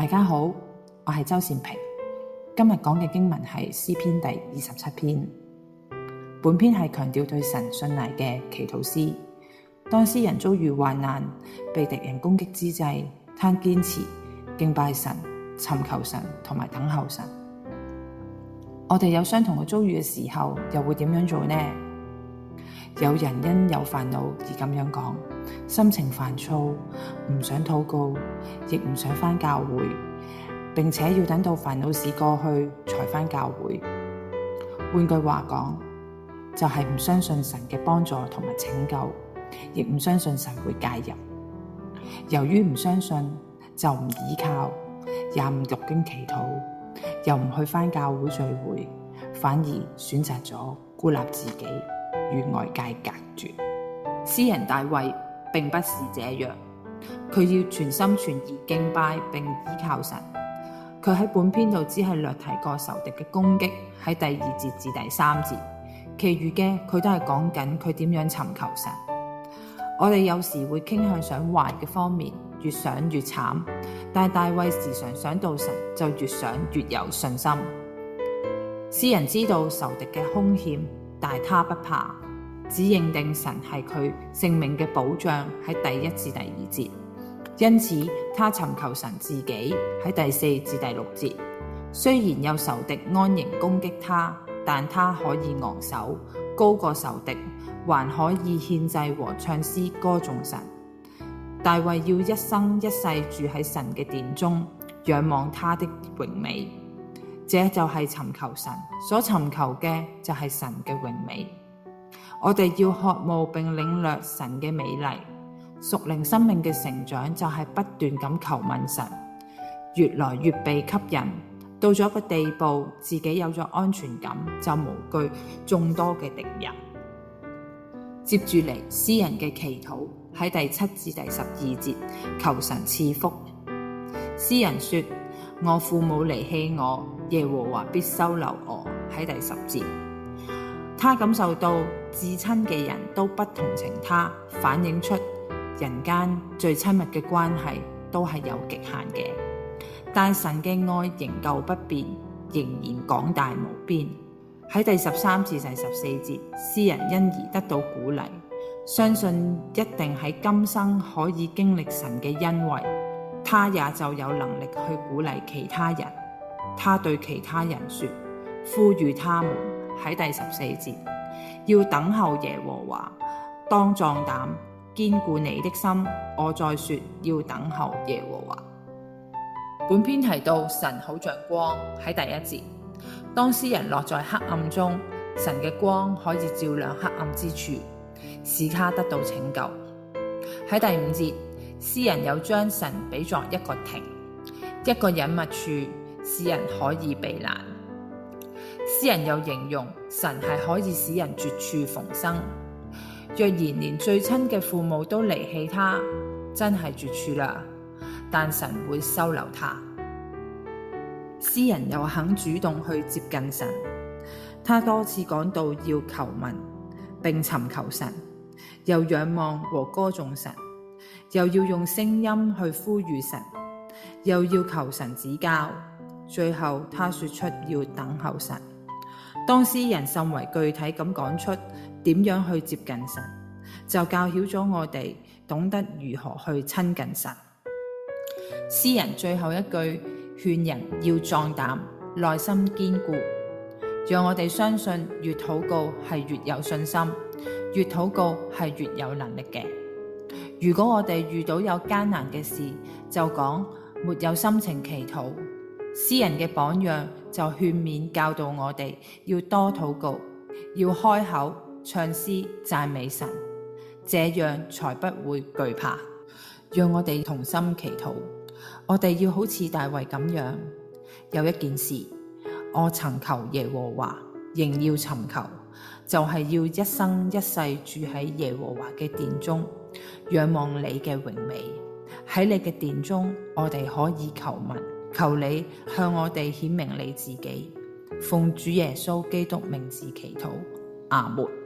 大家好，我係周善平。今日講嘅經文係詩篇第二十七篇。本篇係強調對神信賴嘅祈禱詩。當詩人遭遇患難、被敵人攻擊之際，他堅持敬拜神、尋求神同埋等候神。我哋有相同嘅遭遇嘅時候，又會點樣做呢？有人因有煩惱而咁樣講，心情煩躁，唔想禱告，亦唔想翻教會，並且要等到煩惱事過去才翻教會。換句話講，就係唔相信神嘅幫助同埋拯救，亦唔相信神會介入。由於唔相信，就唔依靠，也唔讀經祈禱，又唔去翻教會聚會，反而選擇咗孤立自己。與外界隔絕，詩人大衛並不是這樣，佢要全心全意敬拜並依靠神。佢喺本篇度只係略提過仇敵嘅攻擊，喺第二節至第三節，其餘嘅佢都係講緊佢點樣尋求神。我哋有時會傾向想壞嘅方面，越想越慘，但係大衛時常想到神，就越想越有信心。詩人知道仇敵嘅凶險。但他不怕，只認定神係佢性命嘅保障，喺第一至第二節。因此，他尋求神自己喺第四至第六節。雖然有仇敵安營攻擊他，但他可以昂首高過仇敵，還可以獻祭和唱詩歌頌神。大衛要一生一世住喺神嘅殿中，仰望他的榮美。這就係尋求神，所尋求嘅就係神嘅榮美。我哋要渴慕並領略神嘅美麗，屬靈生命嘅成長就係不斷咁求問神，越來越被吸引，到咗個地步，自己有咗安全感，就無懼眾多嘅敵人。接住嚟，詩人嘅祈禱喺第七至第十二節，求神賜福。詩人說。我父母離棄我，耶和華必收留我。喺第十節，他感受到至親嘅人都不同情他，反映出人間最親密嘅關係都係有極限嘅。但神嘅愛仍舊不變，仍然廣大無邊。喺第十三至第十四節，詩人因而得到鼓勵，相信一定喺今生可以經歷神嘅恩惠。他也就有能力去鼓勵其他人。他對其他人說，呼籲他們喺第十四節要等候耶和華，當壯膽，堅固你的心。我再說，要等候耶和華。本篇提到神好像光，喺第一節，當詩人落在黑暗中，神嘅光可以照亮黑暗之處，使他得到拯救。喺第五節。詩人有將神比作一個亭，一個隱密處，使人可以避難。詩人又形容神係可以使人絕處逢生。若然連最親嘅父母都離棄他，真係絕處啦！但神會收留他。詩人又肯主動去接近神，他多次講到要求問，並尋求神，又仰望和歌頌神。又要用聲音去呼籲神，又要求神指教，最後他說出要等候神。當詩人甚為具體咁講出點樣去接近神，就教曉咗我哋懂得如何去親近神。詩人最後一句勸人要壯膽，內心堅固，讓我哋相信越禱告係越有信心，越禱告係越有能力嘅。如果我哋遇到有艱難嘅事，就講沒有心情祈禱。詩人嘅榜樣就勸勉教導我哋要多禱告，要開口唱詩讚美神，這樣才不會懼怕。讓我哋同心祈禱，我哋要好似大衛咁樣。有一件事，我曾求耶和華。仍要尋求，就係、是、要一生一世住喺耶和華嘅殿中，仰望你嘅榮美。喺你嘅殿中，我哋可以求問，求你向我哋顯明你自己。奉主耶穌基督名字祈禱，阿門。